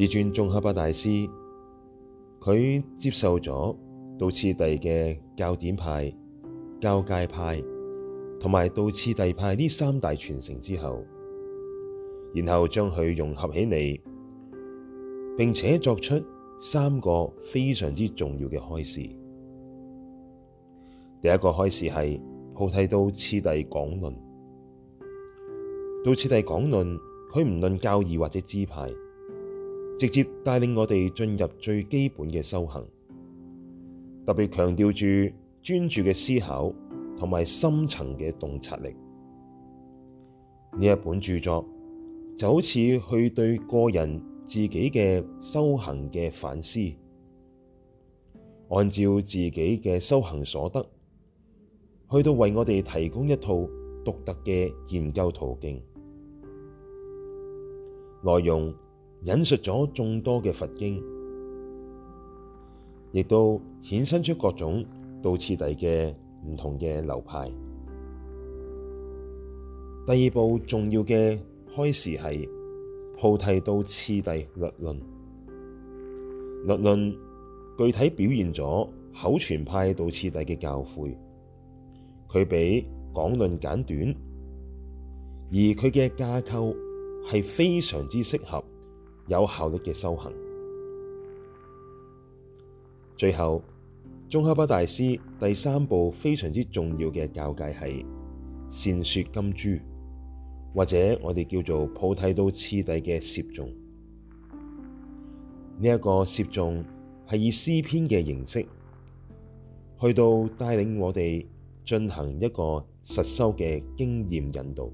至尊宗喀巴大師，佢接受咗道次第嘅教典派、教界派同埋道次第派呢三大傳承之後，然後將佢融合起嚟，並且作出三個非常之重要嘅開示。第一個開示係菩提道次第廣論。道次第廣論，佢唔論教義或者支派。直接帶領我哋進入最基本嘅修行，特別強調住專注嘅思考同埋深層嘅洞察力。呢一本著作就好似去對個人自己嘅修行嘅反思，按照自己嘅修行所得，去到為我哋提供一套獨特嘅研究途徑，內容。引述咗眾多嘅佛經，亦都衍生出各種道次第嘅唔同嘅流派。第二部重要嘅開示係菩提道次第略論，略論具體表現咗口傳派道次第嘅教誨。佢比廣論簡短，而佢嘅架構係非常之適合。有效率嘅修行。最後，宗喀巴大師第三部非常之重要嘅教誡係《善說金珠》，或者我哋叫做《菩提道次第》嘅攝頌。呢一個攝頌係以詩篇嘅形式，去到帶領我哋進行一個實修嘅經驗引導。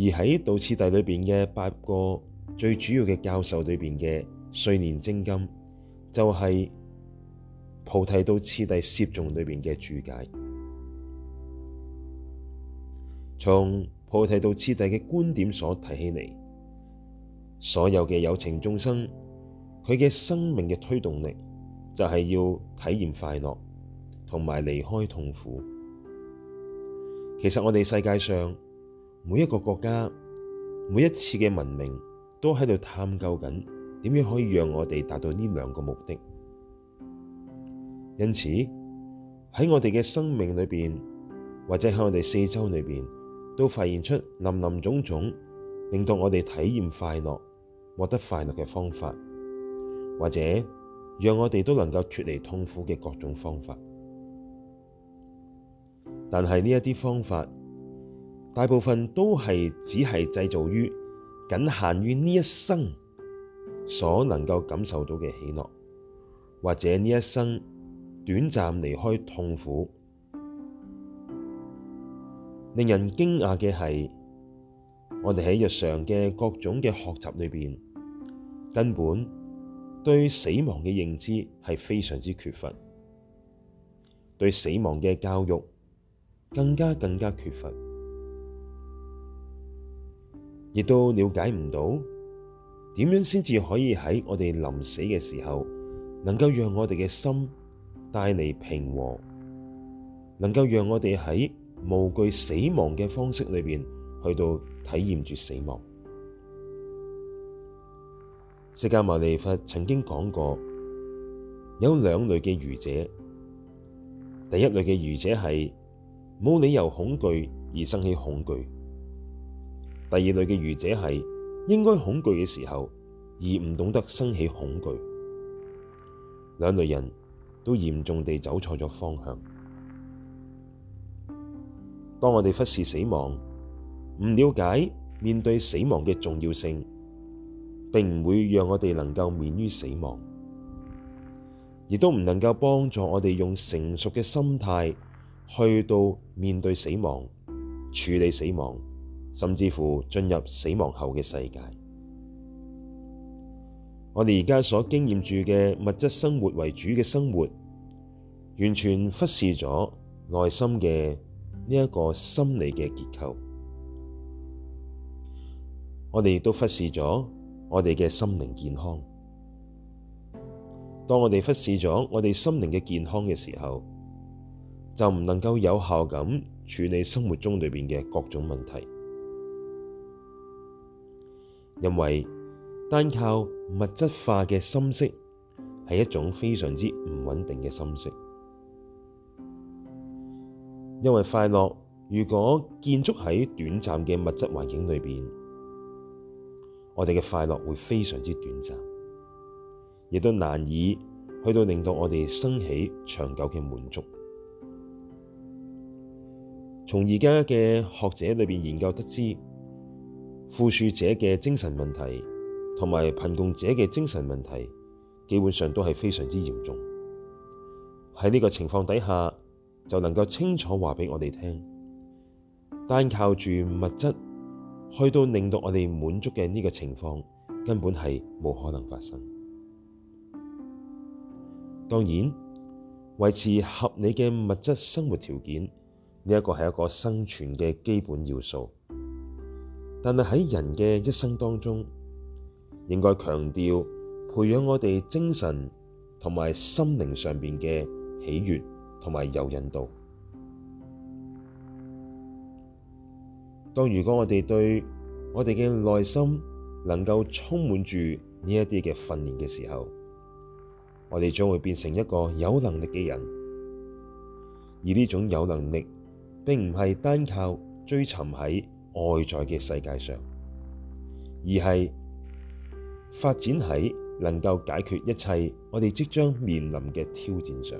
而喺道次第裏邊嘅八個最主要嘅教授裏邊嘅歲年精金，就係菩提道次第攝頌裏邊嘅註解。從菩提道次第嘅觀點所提起嚟，所有嘅有情眾生，佢嘅生命嘅推動力就係要體驗快樂，同埋離開痛苦。其實我哋世界上，每一個國家，每一次嘅文明，都喺度探究緊點樣可以讓我哋達到呢兩個目的。因此喺我哋嘅生命裏邊，或者喺我哋四周裏邊，都發現出林林種種，令到我哋體驗快樂、獲得快樂嘅方法，或者讓我哋都能夠脫離痛苦嘅各種方法。但係呢一啲方法。大部分都係只係製造於僅限於呢一生所能夠感受到嘅喜樂，或者呢一生短暫離開痛苦。令人驚訝嘅係，我哋喺日常嘅各種嘅學習裏面，根本對死亡嘅認知係非常之缺乏，對死亡嘅教育更加更加缺乏。亦都了解唔到點樣先至可以喺我哋臨死嘅時候，能夠讓我哋嘅心帶嚟平和，能夠讓我哋喺無懼死亡嘅方式裏邊去到體驗住死亡。釋迦牟尼佛曾經講過，有兩類嘅愚者，第一類嘅愚者係冇理由恐懼而生起恐懼。第二類嘅愚者係應該恐懼嘅時候，而唔懂得生起恐懼。兩類人都嚴重地走錯咗方向。當我哋忽視死亡，唔了解面對死亡嘅重要性，並唔會讓我哋能夠免於死亡，亦都唔能夠幫助我哋用成熟嘅心態去到面對死亡、處理死亡。甚至乎進入死亡後嘅世界。我哋而家所經驗住嘅物質生活為主嘅生活，完全忽視咗內心嘅呢一個心理嘅結構。我哋亦都忽視咗我哋嘅心靈健康。當我哋忽視咗我哋心靈嘅健康嘅時候，就唔能夠有效咁處理生活中裏邊嘅各種問題。因為單靠物質化嘅心識係一種非常之唔穩定嘅心識，因為快樂如果建築喺短暫嘅物質環境裏邊，我哋嘅快樂會非常之短暫，亦都難以去到令到我哋生起長久嘅滿足。從而家嘅學者裏邊研究得知。富庶者嘅精神問題同埋貧窮者嘅精神問題，基本上都係非常之嚴重。喺呢個情況底下，就能夠清楚話俾我哋聽，單靠住物質去到令到我哋滿足嘅呢個情況，根本係冇可能發生。當然，維持合理嘅物質生活條件，呢一個係一個生存嘅基本要素。但係喺人嘅一生當中，應該強調培養我哋精神同埋心靈上邊嘅喜悅同埋柔韌度。當如果我哋對我哋嘅內心能夠充滿住呢一啲嘅訓練嘅時候，我哋將會變成一個有能力嘅人。而呢種有能力，並唔係單靠追尋喺。外在嘅世界上，而係發展喺能夠解決一切我哋即將面臨嘅挑戰上。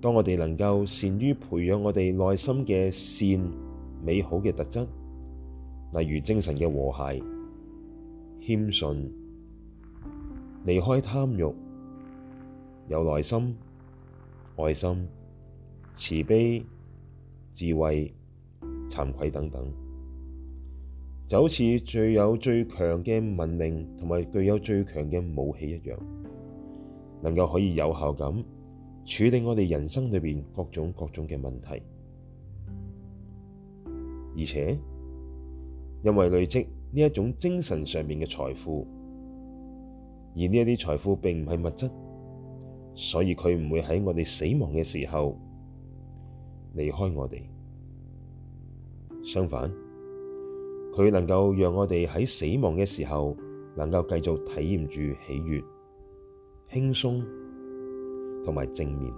當我哋能夠善於培養我哋內心嘅善美好嘅特質，例如精神嘅和諧、謙遜、離開貪欲、有耐心、愛心、慈悲。智慧、慚愧等等，就好似最有最強嘅文明，同埋具有最強嘅武器一樣，能夠可以有效咁處理我哋人生裏邊各種各種嘅問題。而且，因為累積呢一種精神上面嘅財富，而呢一啲財富並唔係物質，所以佢唔會喺我哋死亡嘅時候。離開我哋，相反，佢能夠讓我哋喺死亡嘅時候，能夠繼續體驗住喜悅、輕鬆同埋正面，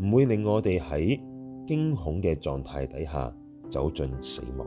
唔會令我哋喺驚恐嘅狀態底下走進死亡。